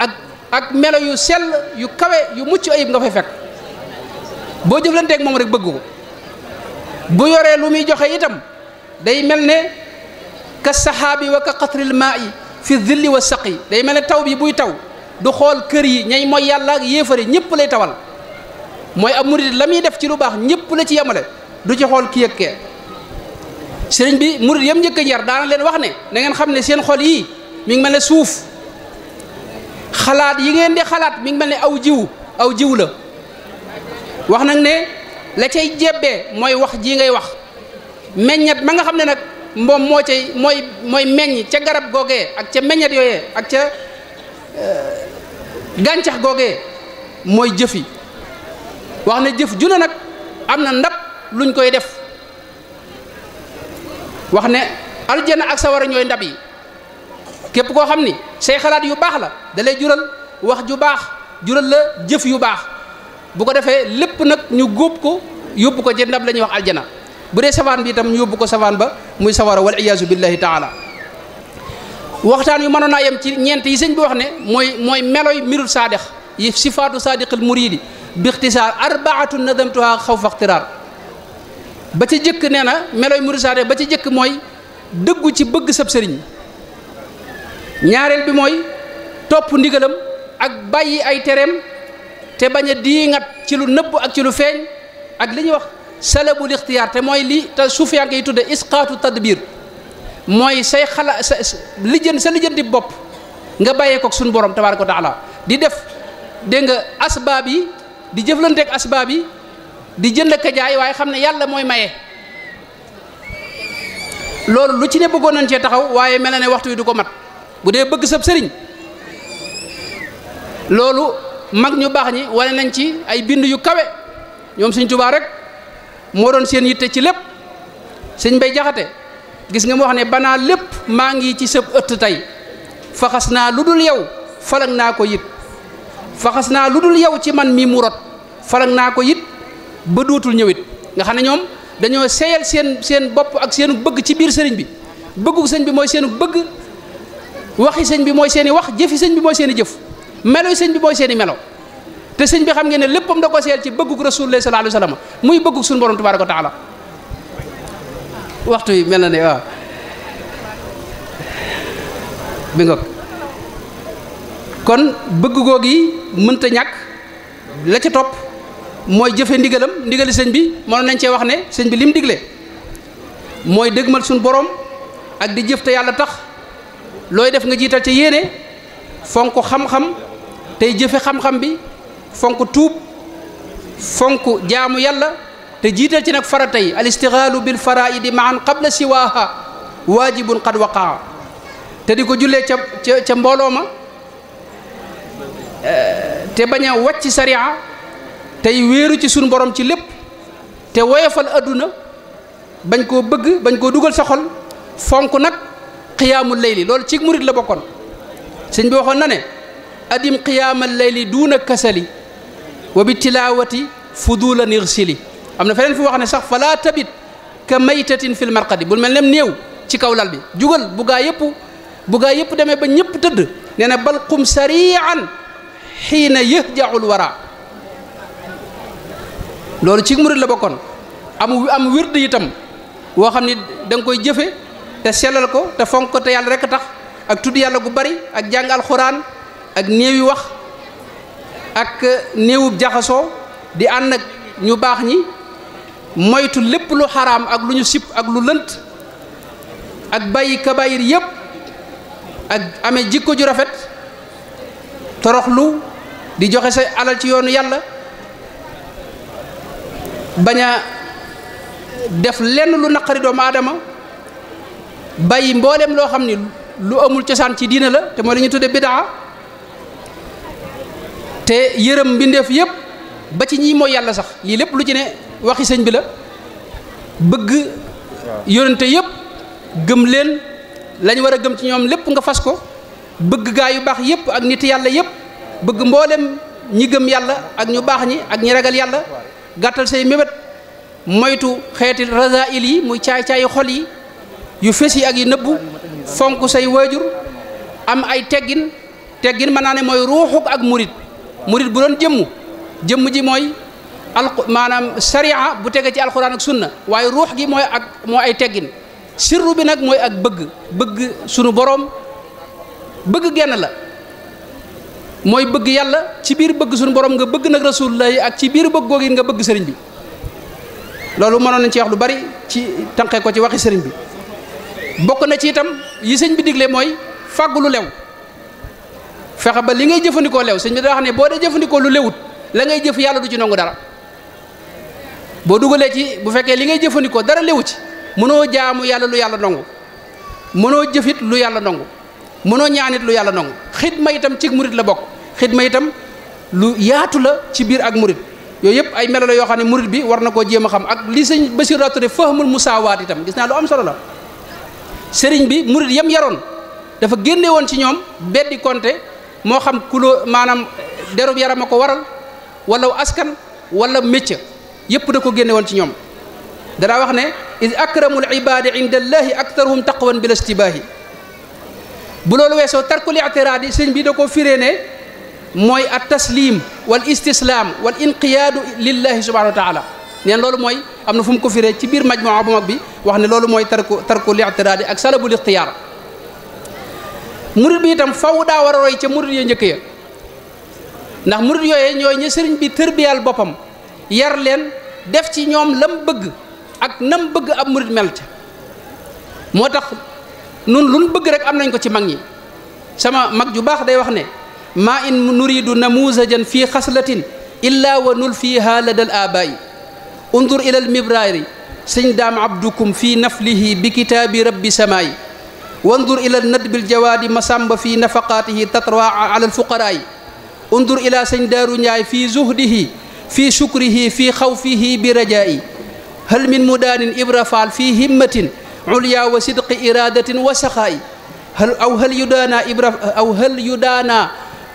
ak ak melo yu sell yu kawe yu mucc ayib nga fay fekk boo jëflanteeg moom rek bëgg ko bu yoree lu muy joxe itam day mel ne ka saxaabi wa ka qatril maa yi fi dilli wa yi day mel ne taw bii buy taw du xool kër yi ñay mooy yàlla ak yéefare ñëpp lay tawal mooy am murit la muy def ci lu baax ñëpp la ci yemale du ci xool ki ke sëriñ bi murit yam njëkk a yar daana leen wax ne na ngeen xam ne seen xol yii mi ngi mel ne suuf xalaat yi ngeen di xalaat mi ngi mel ne aw jiw aw jiw la wax nag ne la cay jebbee mooy wax ji ngay wax meññat ma nga xam ne nag moom moo cay mooy mooy meññ ca garab googee ak ca meññat yooyee ak ca euh, gàncax googee mooy jëfi wax ne jëf juna nag am na ndab luñ koy def wax ne aljana ak sawara ñooy ndab yi képp koo xam ni say xalaat yu baax la dalay jural wax ju baax jural la jëf yu baax bu ko defee lépp nag ñu góob ko yóbbu ko ci ndab la ñuy wax aljana bu dee safaan bi itam ñu yóbbu ko safaan ba muy sawara wal iyaasu billahi taala waxtaan yu mënoon naa yem ci ñeent yi sëñ bi wax ne mooy mooy meloy mirul saadex yi sifaatu saadiqil muridi bi ixtisaar arbaatu nadamtuha xaw fa ixtiraar ba ci jëkk nee na melooy murid saade ba ci jëkk mooy dëggu ci bëgg sab sëriñ ñaareel bi mooy topp ndigalam ak bàyyi ay tereem te bañ a diingat ci lu nëbb ak ci lu feeñ ak li ñuy wax salabul ixtiyaar te mooy li te suufiyanke yi tudde isqaatu tadbir mooy say xala sa lijjën sa lijjanti bopp nga bàyyee kook suñu borom tabaaraka wa taala di def dégg asbaab yi di jëflanteeg asbaab yi di jënd ak waaye xam ne yàlla mooy maye loolu lu ci ne bëggoon nañ cee taxaw waaye mel na ne waxtu wi du ko mat bu dee bëgg sab sëriñ loolu mag ñu baax ñi wane nañ ci ay bind yu kawe ñoom Sëñ Tuubaa rek moo doon seen yitte ci lépp sëñ Bay Jaxate gis nga mu wax ne banaa lépp maa ngi ci sëb ëtt tey faxas naa lu dul yow falang naa ko yit faxas naa lu dul yow ci man mii mu rot farag naa ko it ba duutul ñëwit nga xam ne ñoom dañoo seyal seen seen bopp ak seenu bëgg ci biir sëriñ bi bëggu sëñ bi mooy seenu bëgg waxi sëñ bi mooy seeni wax jëfi sëñ bi mooy seeni jëf melo sëñ bi mooy seeni melo te sëñ bi xam ngeen ne léppam da ko seeyal ci bëggug rasulullah sallallahu alayhi wasallam muy bëggug suñu borom tabaaraka taala waxtu yi mel na ne bi nga kon bëgg googu yi mënta ñàkk la ca topp mooy jëfe ndigalam ndigali sëñ bi mënoon nañ cee wax ne sëñ bi lim digle mooy dëgmal suñu boroom ak di jëf te yàlla tax looy def nga jiital ca yéene fonk xam-xam tey jëfe xam-xam bi fonk tuub fonk jaamu yàlla te jiital ci nag tey farata yi al istixaalu bil faraidi maan qabla siwaaha waajibun qad waqaa te di ko jullee ca ca ca mbooloo ma te bañ a wàcc sariya tey wéeru ci suñu borom ci lépp te woyofal adduna bañ koo bëgg bañ koo dugal sa fonk nag qiyaamul layli lool ci murit la bokkoon sëñ bi waxoon na ne adim qiyaamal layli duuna kasali wa bi tilaawati fudula nirsili am na feneen fu wax ne sax falaa tabit ka maytatin fil marqadi bul mel nem néew ci kaw lal bi jugal bu gaa yëpp bu yëpp demee ba ñëpp tëdd nee na bal qum sarian xiina yëh jaxul wara loolu ci murit la bokkoon am am wird itam woo xam ni danga koy jëfe te sellal ko te fonk ko te yàlla rekk tax ak tudd yàlla gu bari ak jàng alxuraan ak néewi wax ak néewub jaxasoo di ànd ak ñu baax ñi moytu lépp lu xaraam ak lu ñu sipp ak lu lënt ak bàyyi kabayir yépp ak ame jikko ju rafet toroxlu di joxe sa alal ci yoonu yàlla bañ a def lenn lu naqari doomu aadama bàyyi mbooleem loo xam ni lu amul cosaan ci diina la te mooy lañuy ñu tudde bidaa te yërëm mbindeef yépp ba ci ñii mooy yàlla sax lii lépp lu ci ne waxi sëñ bi la bëgg yonente yépp gëm leen lañ war a gëm ci ñoom lépp nga fas ko bëgg gaa yu baax yépp ak nit yàlla yépp bëgg mboolem ñi gëm yàlla ak ñu baax ñi ak ñi ragal yàlla gàttal say mébét moytu xeeti rasail yi muy caay-caayi xol yi yu fés yi ak yu nëbbu fonk say waajur am ay teggin teggin mën naa ne mooy ruuxuk ak murit murit bu doon jëmm jëmm ji mooy al maanaam sariya bu tege ci alxuraan ak sunna waaye ruux gi mooy ak moo ay teggin sirru bi nag mooy ak bëgg bëgg sunu boroom bëgg genn la mooy bëgg yàlla ci biir bëgg suñu borom nga bëgg nag rasulullah yi ak ci biir bëgg googu nga bëgg sëriñ bi loolu mënoon nañ ci wax lu bari ci tànqee ko ci waxi sëriñ bi bokk na ci itam yi sëñ bi digle mooy fàggu lu lew fexe ba li ngay jëfandikoo lew sëñ bi daa wax ne boo dee jëfandikoo lu lewut la ngay jëf yàlla du ci nangu dara boo dugalee ci bu fekkee li ngay jëfandikoo dara lewu ci mënoo jaamu yàlla lu yàlla nangu mënoo jëfit lu yàlla nangu mënoo ñaanit lu yàlla nangu xidma itam ci murit la bokk xidma itam lu yaatu la ci biir ak murit yooyu yëpp ay melo la yoo xam ne murit bi war na koo jéem a xam ak li sëñ Basiru Ture fahmul musaawaat itam gis naa lu am solo la sëriñ bi murit yem yaroon dafa génne woon ci ñoom beddi konte moo xam kuloo maanaam derub yaram a ko waral wala askan wala métier yëpp da ko génne woon ci ñoom danaa wax ne id akramul ibaadi inda allahi aktaruhum taqwan bila istibaahi bu loolu weesoo tarkul i'tiraad yi sëñ bi da ko firee ne mooy at taslim wal istislaam wal inqiyaadu lillahi subhanahu wa taala neen loolu mooy am na fu mu ko firee ci biir majmuwa bu mag bi wax ne loolu mooy tarku tarkul i'tiraad yi ak salabul ixtiyaar murid bi itam faw daa war a roy ca murid ya njëkk ya ndax murid yooyee ñooy ña sëriñ bi tërbiyaal boppam yar leen def ci ñoom lam bëgg ak nam bëgg ab murid mel moo tax nun luñ bëgg rek am nañ ko ci mag ñi sama mag ju baax day wax ne ma in nuridu namusajan fi xaslatin illa wa nulfiha lada al abaai undur ila al mibraari sëñ daam abdukum fi naflihi bi kitaabi rabbi samaay wandur ila nadbil jawaadi masamba fi nafaqaatihi tatrawa ala al fuqaraay undur ila sëñ daaru njaay fi zuhdihi fi shukrihi fi xawfihi bi rajaa'i hal min mudaanin ibra faal fi himmatin ulya wa sidqi iradatin wa saxaay hal aw hal yudaana ibra aw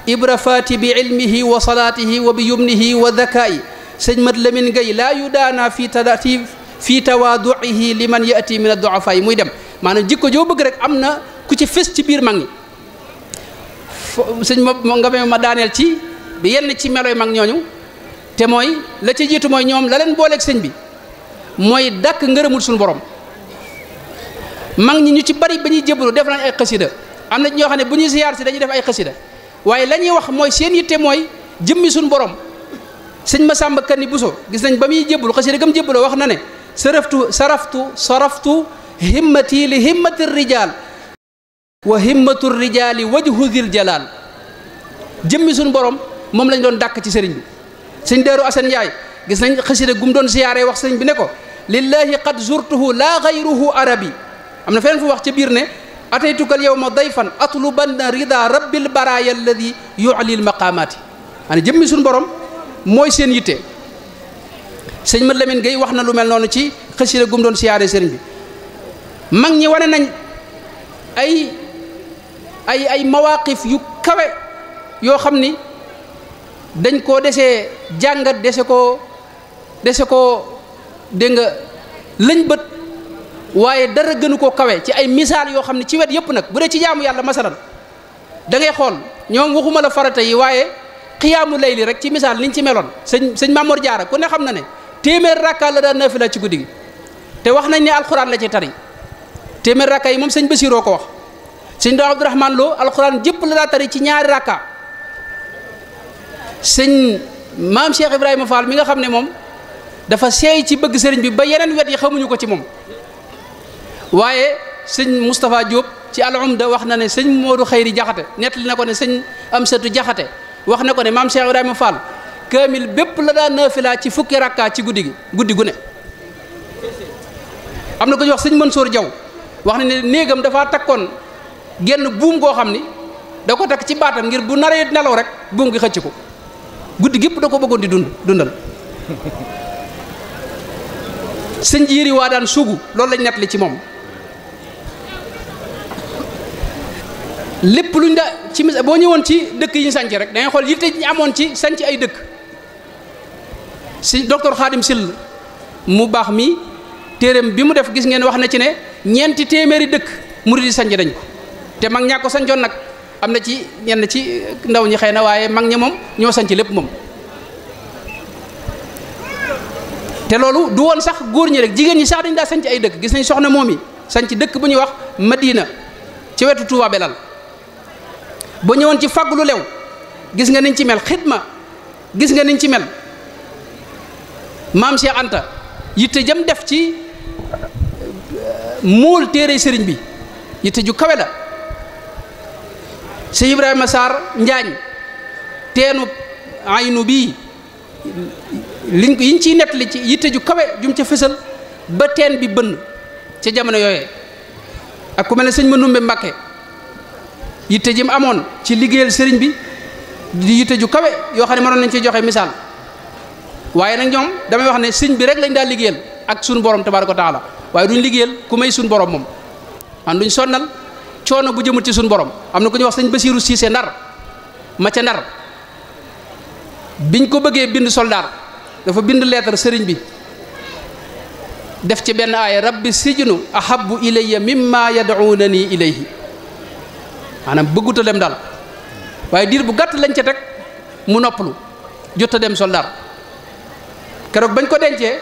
ibra faati bi ilmihi wa salaatihi wa bi yumnihi wa dakaayi sëñ mat lamin gay yu yudaana fi talaati fi tawaaduihi liman yaati min adduafa yi muy dem maana jikko joo bëgg rek am na ku ci fes ci biir mag ñi sëñ ma nga ma daaneel ci bi yenn ci meloy mag ñooñu te mooy la ci jiitu mooy ñoom la leen booleeg sëñ bi mooy dàkk ngërëmul suñu borom mag ñi ñu ci bari ba ñuy jébbalu def nañ ay xasida am na ñoo xam ne bu ñuy ziyaar si dañuy def ay xasida waaye la ñuy wax mooy seen yitte mooy jëmmi suñu borom sëñ Masamba Kanni Buso gis nañ ba muy jébbalu xasida gam jébbaloo wax na ne saraftu saraftu saraftu himmati li himmati rijaal wa himmatu rijaali wajhu dil jalaal jëmmi suñu borom moom lañ doon dàkk ci sëriñ bi sëñ Daaru Asan Njaay gis nañ xasida gum doon ziyaaree wax sëriñ bi ne ko lillahi qad zurtuhu laa gayruhu arabi am na feneen fu wax ca biir ne ataytukal yawma dayfan atlubanna rida rabbil baraya alladi yu'lil maqaamaati maana jëmmi suñu borom mooy seen yitte sëñ ma Lamine Gueye wax na lu mel noonu ci xasida gum doon siyaare sëriñ bi mag ñi wane nañ ay ay ay yu kawe yoo xam ni dañ koo desee jàngat dese koo dese koo dégg nga waaye dara gënu koo kawe ci ay misaal yoo xam ne ci wet yëpp nag bu dee ci jaamu yàlla masalan da ngay xool ñoom waxuma la farata yi waaye xiyaamu layli rek ci misaal liñ ci meloon sëñ sëñ Mamoor Jaara ku ne xam na ne téeméer rakka la daan nafila ci guddi te wax nañ ne alxuraan la ci tari téeméer rakka yi moom sëñ Basiroo ko wax sëñ Doo Abdourahman Lo alxuraan jëpp tari ci ñaari rakka sëñ maam Cheikh Ibrahima Fall mi nga xam ne moom dafa seey ci bëgg sëriñ bi ba yeneen wet yi xamuñu ko ci moom waaye sëñ Moustapha Diop ci da wax na ne sëñ Modou Xayri Jaxate nettali na ko ne sëñ setu Jaxate wax na ko ne maam Cheikh Ibrahima Fall kaamil bépp la daan naafila ci fukki rakkaa ci guddi guddi gu am na ko ñu wax sëñ Mansour Diaw wax na ne néegam dafaa takkoon genn buum goo xam ni da ko takk ci baatam ngir bu naree nelaw rek buum gi xëcc ko guddi gépp da ko bëggoon di dund dundal sëñ jiiri waa daan sugu loolu lañ nettali ci moom lépp lu luñ da ci mis boo ñëwoon ci dëkk yi ñu sanc rek dangay xool yitte ñu amoon ci sanc ay dëkk si docteur Khadim mu baax mi téeréem bi mu def gis ngeen wax na ci ne ñeenti téeméeri dëkk murid yi sanc ko te mag ñaa ko sancoon nag am na ci ñenn ci ndaw ñi xëy na waaye mag ña moom ñoo sanc lépp moom te loolu du woon sax góor ñi rek jigéen ñi sax dañ daa sanc ay dëkk gis nañ soxna moom yi sanc dëkk bu ñuy wax Madina ci wetu Touba ba ñëwoon ci fàgg lu lew gis nga niñ ci mel xidma gis nga niñ ci mel maam Cheikh Anta yitte jam def ci euh, muul téere sëriñ bi yitte ju kawe la Cheikh Ibrahima Sarr Njaañ teenu aynu bii liñ yiñ ci nettali ci yitte ju kawe jum ca fësal ba teen bi bënn ca jamono yooyee ak ku mel ne sëñ Manumbe Mbàkke yitte jim amoon ci liggéeyal sëriñ bi di yitte ju kawe yoo xam ne mënoon nañ ci joxe misaal waaye nañ ñoom damay wax ne sëñ bi rek lañ daal liggéeyal ak suñu borom tabaaraka taala waaye duñ liggéeyal ku may suñu borom moom man duñ sonnal coono bu jëmut ci suñu borom am na ku ñuy wax sëñ Basiiru Siise ndar ma ca ndar biñ ko bëggee bind soldaar dafa bind lettre sëriñ bi def ci benn aaya rabbi sijnu ahabbu ilayya mimma yad'unani ilayhi maanaam bëggut a dem daal waaye diir bu gàtt lañ ca teg mu noppalu jot a dem soldaar keroog bañ ko dencee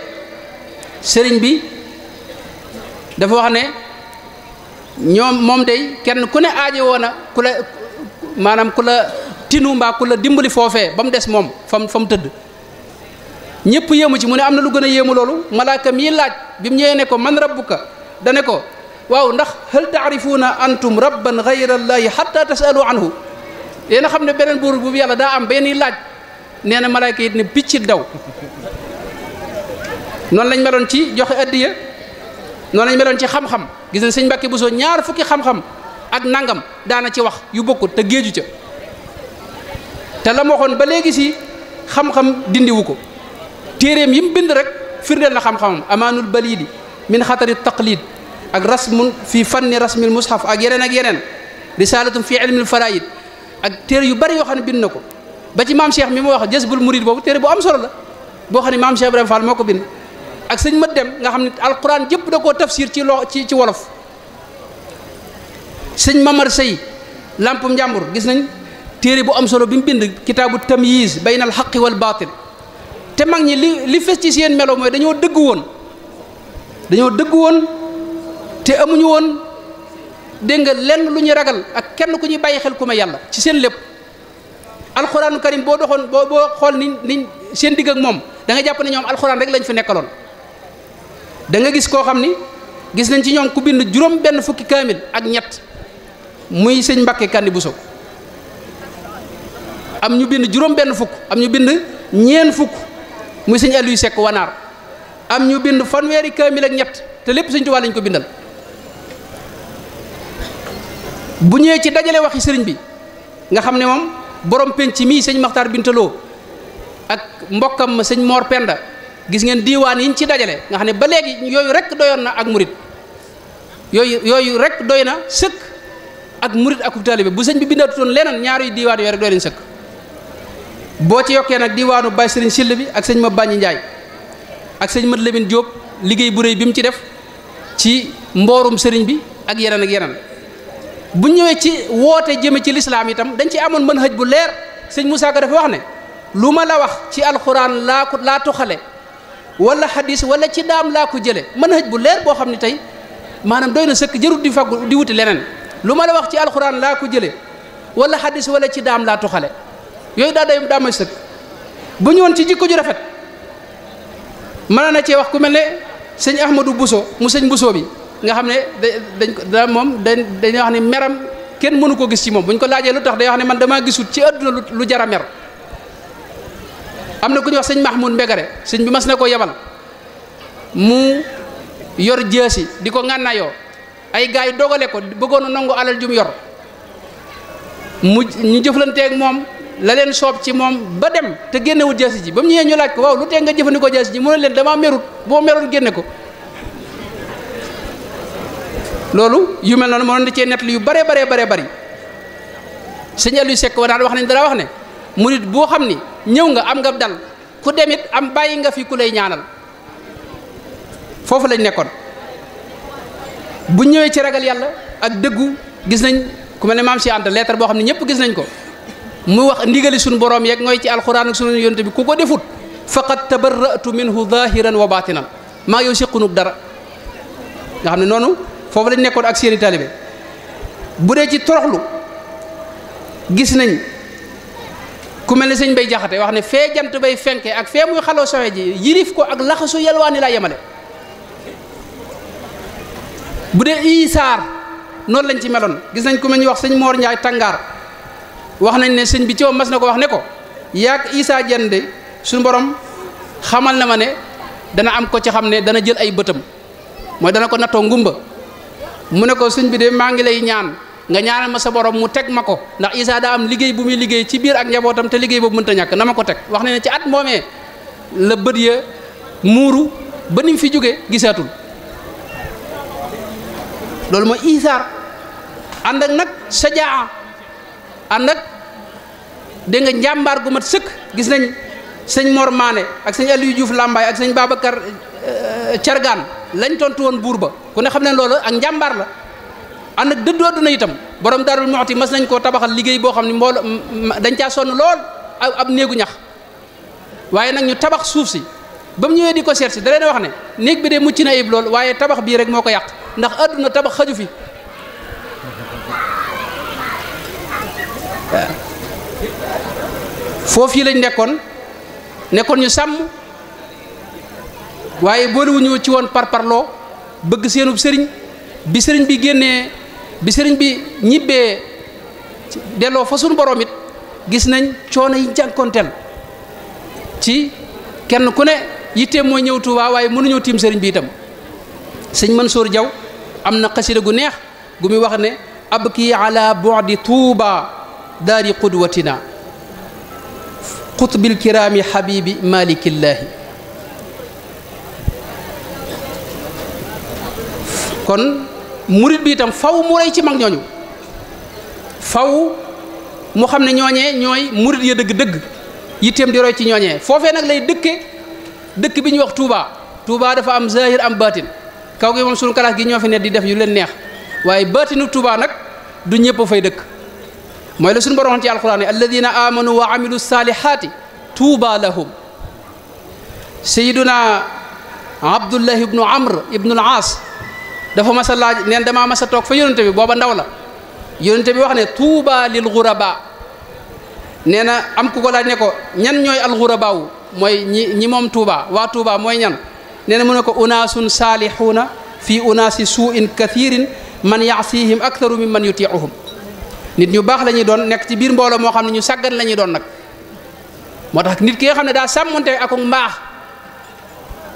sëriñ bi dafa ñoom moom day kenn ku ne aaje woon ku la maanaam ku la tinu mbaa ku la dimbali foofee ba mu des moom fam fa mu tëdd ñépp yéemu ci mu ne am na lu gën a yéemu loolu malaaka mii laaj bi mu ñëwee ne ko man rabbuka dane ko waaw ndax hal taarifuuna antum rabban gayra allaahi xatta tasalu anhu yéen a xam ne beneen buur bu yàlla daa am benn laaj nee na malaayka yi ne picc daw noonu lañ meloon ci joxe addiya noonu lañ meloon ci xam-xam gis nañ sëñ Mbàkke Buso ñaar fukki xam-xam ak nangam daana ci wax yu bokkut te géeju ca te la ma ba léegi si xam-xam dindiwu ko téeréem yi mu bind rek firndeel na xam-xamam amaanul balidi min xatari taqlid ak rasmun fi fanni rasmil mushaf ak yeneen ak yeneen risalatum fi ilmil faraid ak téere yu bari yoo xam ne bind na ko ba ci maam Cheikh mi ma wax jazbul murid boobu téere bu am solo la boo xam ne maam Cheikh Ibrahima Fall moo ko bind ak sëñ ma dem nga xam ne alquran jëpp da koo tafsir ci loo ci ci wolof sëñ Mamar Sey lampum njàmbur gis nañ téere bu am solo bi mu bind kitaabu tamyiz bayna al xaqi wal baatil te mag ñi li li fes ci seen melo mooy dañoo dëgg woon dañoo dëgg woon te amuñu woon dégg nga lenn lu ñuy ragal ak kenn ku ñuy bàyyi xel ku ma yàlla ci seen lépp alxuraanu karim boo doxoon boo boo xool ni ni seen digg ak moom da jàpp ne ñoom alxuraan rek lañu fi nekkaloon danga gis koo xam ni gis nañ ci ñoom ku bind juróom benn fukki kaamil ak ñett muy sëñ Mbàkke Kandi Buso am ñu bind juróom fukk am ñu bind ñeen fukk muy sëñ Aliou Seck wanaar am ñu bind fanweeri kaamil ak ñett te lépp sëñ Tuubaa lañ ko bindal bu ñëwee ci dajale waxi sëriñ bi nga xam ne moom borom penc mii sëñ Maxtaar Bintaloo ak mbokkam ma sëñ moor Penda gis ngeen diiwaan yiñ ci dajale nga xam ne ba léegi yooyu rek doyoon na ak murit yooyu yooyu rek doy na sëkk ak murit ak taalibe bu sëñ bi bindaatutoon leneen ñaari diiwaan yooyu rek doy nañ boo ci yokkee nag diiwaanu Baye sëriñ Sill bi ak sëñ ma Bañi Njaay ak sëñ Mat Lamin Jóob liggéey bu réy bi mu ci def ci mboorum sëriñ bi ak yeneen ak yeneen bu ñëwee ci woote jëme ci lislaam itam dañ ci amoon mën hëj bu leer sëñ Moussa Ka dafa wax ne lu ma la wax ci alxuraan laa ko laa tuxale wala hadis wala ci daam laa ko jële mën hëj bu leer boo xam ne tey maanaam doy na sëkk jërut di faggu di wuti leneen lu ma la wax ci alxuraan laa ko jële wala hadis wala ci daam laa tuxale yooyu daa day daa may sëkk bu ñëwoon ci jikko ju rafet mën na cee wax ku mel ne sëñ Ahmadou Bousso mu sëñ Bousso bi nga xam ne dañ ko da dañ dañuy wax ne meram kenn mënu koo gis ci moom bu ñu ko laajee lu tax day wax ne man damaa gisut ci àdduna lu jara a mer am na ku ñuy wax sëñ Mahmoud Mbegare sëñ bi mas na ko yebal mu yor jësi di ko ngànnaayoo ay gars yi dogale ko bëggoon a nangu alal jum yor mu ñu jëflanteeg moom la leen soob ci moom ba dem te génnewut jësi ji ba mu ñëwee ñu laaj ko waaw lu tee nga jëfandikoo jësi ji mu leen damaa merut boo meroon génne ko loolu yu mel noonu mënoon na cee nettali yu bare bare bare bëri sëñ Aliou Seck wa daan wax nañ dara wax ne murit boo xam ni ñëw nga am nga dal ku it am bàyyi nga fi ku lay ñaanal foofu lañ nekkoon bu ñëwee ci ragal yàlla ak dëggu gis nañ ku ne maam si Anta lettre boo xam ne ñëpp gis nañ ko mu wax ndigali suñu borom yeeg ngooy ci alxuraan ak sunu yonte bi ku ko defut faqad tabarratu minhu zahiran wa batinan maa yow séqunub dara nga xam ne noonu foofu lañ nekkoon ak seeni taalibe bu dee ci toroxlu gis nañ ku mel ne sëñ bay jaxate wax ne fee jant bay fenkee ak fee muy xaloo sawe ji yirif ko ak laxasu yalwaani laa yemale bu dee isaar noonu lañ ci meloon gis nañ ku mel ñu wax sëñ Moor Njaay tàngaar wax nañ ne sëñ bi ci mas na ko wax ne ko yaag isaa jende suñu borom xamal na ma ne dana am ko ci xam ne dana jël ay bëtam mooy dana ko nattoo ngumba mu ne ko sëñ bi de maa ngi lay ñaan nga ñaanal ma sa borom mu teg ma ko ndax Isa daa am liggéey bu muy liggéey ci biir ak njabootam te liggéey boobu mënta ñàkk na ma ko teg wax na ne ci at moomee la bët ya muuru ba ni fi jóge gisaatul loolu mooy isaar ànd nag sajaa ànd ak dégg nga njàmbaar gu mat sëkk gis nañ sëñ Mor Maane ak sëñ Aliou Diouf Lambaye ak sëñ Babacar Cargaan euh, lañ tontu woon buur ba ku ne xam ne loolu ak njàmbaar la ànd ak dëddu àdduna itam boroom borom Daarul Muxti mas nañ koo tabaxal liggéey boo xam ne mboolo dañ caa sonn lool ab néegu ñax waaye nag ñu tabax suuf si ba mu ñëwee di ko seet si da leen wax ne néeg bi de mucc na ayib lool waaye tabax bii rek moo ko yàq ndax àdduna tabax xaju fi waaw foofu yi lañ nekkoon nekkoon ñu sàmm waaye boolewuñu ci woon par parloo bëgg seenu sëriñ bi sëriñ bi génnee bi sëriñ bi ñibbee delloo fa suñu borom gis nañ coono yi jànkoonteel ci kenn ku ne yitteem mooy ñëw Tuubaa waaye mënuñoo tiim sëriñ bi itam sëñ Mansour Diaw am na xasida gu neex gu muy wax ne abki ala bu'di Tuubaa daari qudwatina qutbil kiraami habibi malikillaahi kon murit bi itam faw mu rey ci mag ñooñu faw mu xam ne ñooñee ñooy murit ya dëgg-dëgg yitteem di roy ci ñooñee foofee nag lay dëkke dëkk bi ñuy wax tuuba Touba dafa am zahir am baatin kaw gi moom sunu kalaas gi ñoo fi ne di def yu leen neex waaye baatinu Touba nag du ñëpp fay dëkk mooy la suñu borom ci alquran ne alladina amanu wa amilu salihaati tuuba lahum sayiduna abdullahi ibnu amr ibnu al dafa mas a laaj nen damaa mas a toog fa yonente bi booba ndaw la yonente bi wax ne tuuba lil xuraba nee na am ku ko laaj ne ko ñan ñooy al xuraba wu mooy ñi ñi moom tuuba waa tuuba mooy ñan nee na mu ne ko unaasun saalihuuna fii unaasi suuin kathirin man yaasihim aktharu min man yu yutiuhum nit ñu baax la doon nekk ci biir mbooloo moo xam ne ñu sàggan la ñuy doon nag moo tax nit ki xam ne daa sàmmonte ak mbaax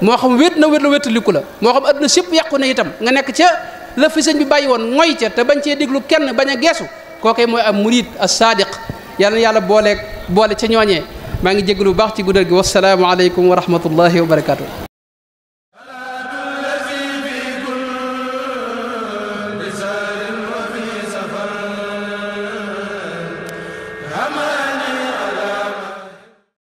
moo xam wét na wér la wétaliku la moo xam adduna sépp yàqu na itam nga nekk ca la fi sëñ bi bàyyi woon mooy ca te bañ cee déglu kenn bañ a geesu kookee mooy am murid as saadiq yàlla na yàlla booleek boole ca ñooñee maa ngi jégalu bu baax ci guddal gi wasalaamu aleykum wa rahmatullahi wa barakaatu.